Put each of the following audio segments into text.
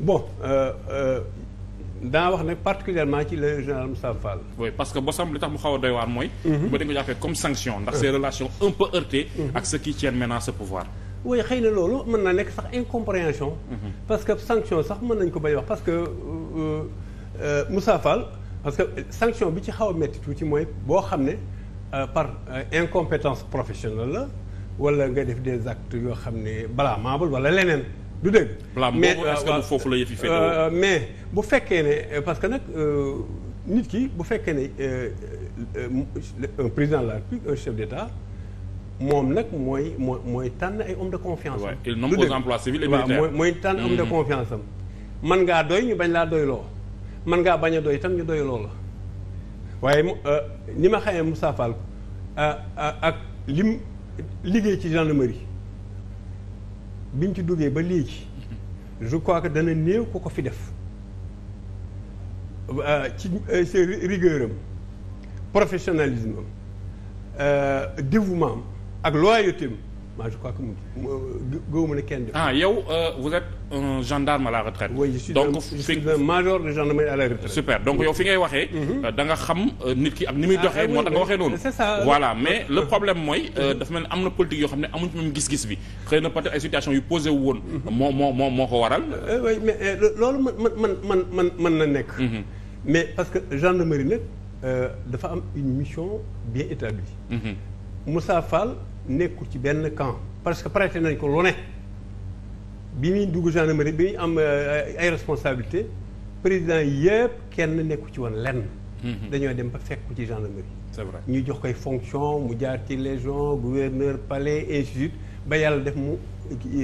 bon euh, euh, daa wax ne particulièrement ci la général Moussa Fall. parce que Bossam li tax mu xaw a doy waar mooy. Mhm. ba dañ ko jàppee comme sanction ndax euh. ces relations un peu heurtées. Mhm. ak ceux qui tiennent maintenant ce pouvoir. oui xëy na loolu mën naa nekk sax incompréhension. Mhm. parce que sanction sax mën nañ ko bay wax parce que Moussa Fall parce que sanction bi ci xaw a métti tuuti mooy boo xam ne par incompétence professionnelle la wala nga def des actes yoo xam ne balaa blâmable wala leneen. du dégg. mais euh, foofu la euh, euh, mais bu fekkee ne parce que nag nit ki bu fekkee ne un président de la République chef d'État moom nag mooy mooy mooy tànn ay homme de confiance am. il nomme aux emplois waaw mooy tànn homme de mm-hmm. confiance am. man ngaa doy ñu bañ laa doy man ngaa bañ a doy itam ñu doy la waaye ni ma xamee Moussa ak lim liggéey ci gendarmerie. bi mu ci duggee ba léegi je crois que dana néew ko ko fi def euh, ci sa euh, rigueur am professionnalisme am euh, dévouement ak loyauté am moi je crois que euh, gëwuma ne kenn. ah yow euh, vous êtes gendarme la retraite. donc un, super donc yow fi ngay waxee. Mhm. Euh, da xam nit ki ak ni muy ah, doxee. moo tax nga waxee noonu. voilà mais ah. le problème mooy. Mhm. dafa mel ni am na politique yoo xam ne amuñu même gis-gis bi xëy na peut-être ay situation yu posé wu woon. Mhm. moo moo moo moo ko waral. oui mais loolu man ma ma man man nekk. mais parce que gendarmerie nag dafa am une mission bien établie. Moussa Fall. nekkul ci benn camp parce que prêté nañ ko lu bi muy dugg gendarmerie bi muy am euh, ay responsabilité président yëpp kenn nekku ci woon lenn. Mhm. dañoo dem ba fekk ci gendarmerie. c'est vrai ñu jox koy fonction mu jaar ci légion gouverneur palais ainsi de ba yàlla def mu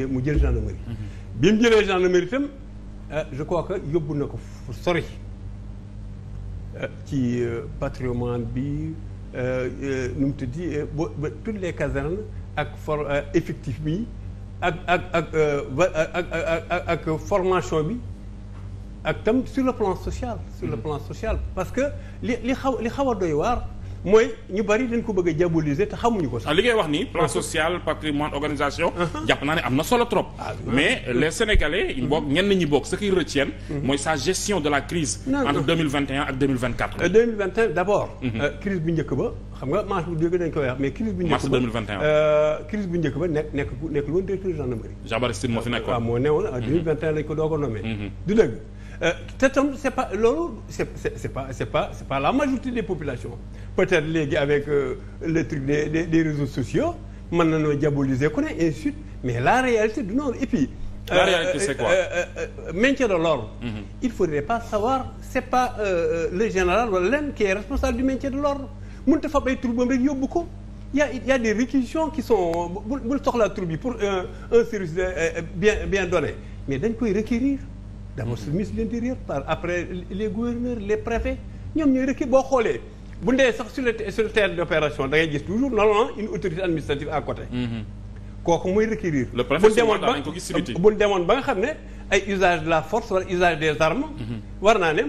mu jël gendarmerie. Mhm. bi mu jëlee gendarmerie itam euh, je crois que yóbbu na ko fu sori. Euh, ci patrimoine bi. Euh, euh, nu mu tuddi euh, ba ba toutes les ak for effectif ak ak ak ak ak formation bi ak tam su le plan social. sur le mm-hmm. plan social parce que li li xaw li xaw a doy mooy ñu bari dañ ko bëgg a diaboliser te xamuñu ko sax. li ngay wax nii plan social patrimoine organisation. Uh-huh. jàpp naa ne am na solo trop. Ah, mais les sénégalais. Uh-huh. bokk ñenn ñi bokk ce qu'ils retiennent. Uh-huh. mooy sa gestion de la crise. entre deux mille vingt et un ak deux mille vingt euh, euh, crise bu njëkk ba xam nga mars bu dégg dañ koy crise euh, nekk nekk Jean Baptiste moo fi nekkoon ah, moo newoon. deux ko Euh, te tam c'est pas loolu c'est c'est pas c'est pas la majorité des populations peut-être léegi avec euh, le truc des des, des réseaux sociaux mën nañoo diaboliser ku ne et suite mais la réalité du noonu et puis. la euh, réalité c'est quoi euh, maintien de l'ordre mm -hmm. il faudrait pas savoir c'est pas le général wala lenn qui est responsable du maintien de l'ordre mënut a fab ay troubam rek yóbbu ko. il y a il y a des réquisitions qui sont bu bu soxlaa troupe pour un un service bien bien donné mais dañ koy requérir. d'abord le ministre de l'intérieur par après les gouverneurs les préfets ñoom ñooy rek boo xoolee bu ndee sax sur le sur le terrain d'opération da ngay gis toujours normalement une autorité administrative à côté mhm. kooku mooy requérir le préfet bu demoon ba nga xam ne ay usage de la force wala usage des armes mhm. war naa ne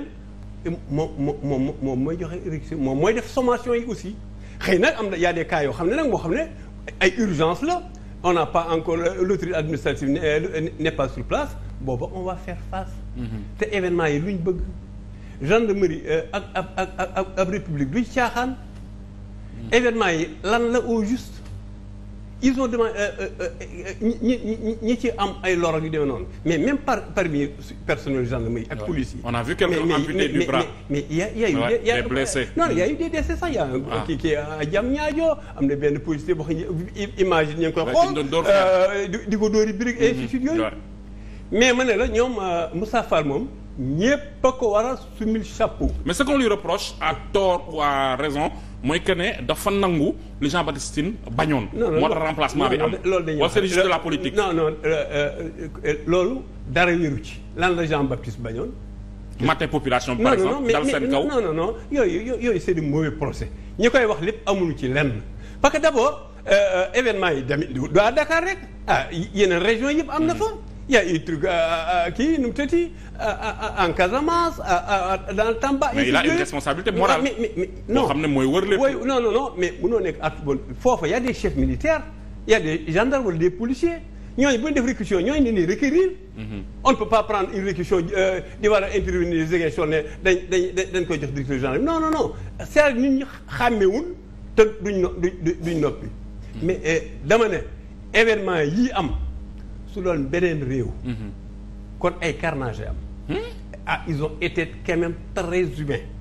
moo moom moo mooy joxe érection moom mooy def sommation yi aussi xëy nag am na y a des yoo xam ne nag boo xam ne ay urgence la on n'a pas encore l'autorité administrative n'est pas sur place booba on va faire face mhm. te événement yi luñ bëgg gendarmerie euh, ak ak ak ak ab république duñ caaxaan mhm. événement yi lan la au juste ils ont demandé euh, euh, ñi ñi ñi ci am ay loro yu demee noonu mais même par parmi personnel gendarmerie ak police yi. on a vu quelqu'un amputé du mais mais mais y' a y' a mhm. eu. a blessé. non ah. am na benn policier boo xam ne image ñu ngi koy xool. di ko dóori birig et ainsi de suite yooyu. mais ma ne la ñoom euh, Moussa Fall moom ñépp a ko war a sumil chapeau. mais ce qu'on lui reproche à tort waa à raison mooy que ne dafa nangu lu Jean-Baptiste Tine bañoon. moo tax remplacement bi am wala c'est juste de la politique. non non euh, euh, loolu dara wéru ci lan la Jean-Baptiste bañoon. mate population par exemple dal seen kaw non non non yooyu yooyu c'est du mauvais procès ñi koy wax lépp amulu ci lenn parce que d'abord événement yi tamit du à Dakar rek ah yeneen région yëpp am na fa. yaa y a ah, ah, ah, kii nu mu tëti en Casamance dans Tamba. mais il a une responsabilité morale. xam ne mooy wër lépp. oui non non non mais munoo nekk at foofa y a des chefs militaires y a des gendarmes wala des policiers ñooñu bu ñu def réquisition ñooñu dañuy requérir. Mhm. on ne peut pas prendre une réquisition euh, di war a intervenir Ziguinchor ne dañ dañ dañ koy jox directeur gendarme non non non c'est nit ñi te duñ no duñ noppi. Mhm. mais eh, dama ne événement yii am. su loolu beneen réew. Mhm. kon ay carnage am. Hmm? ah ils ont été quand même très humains.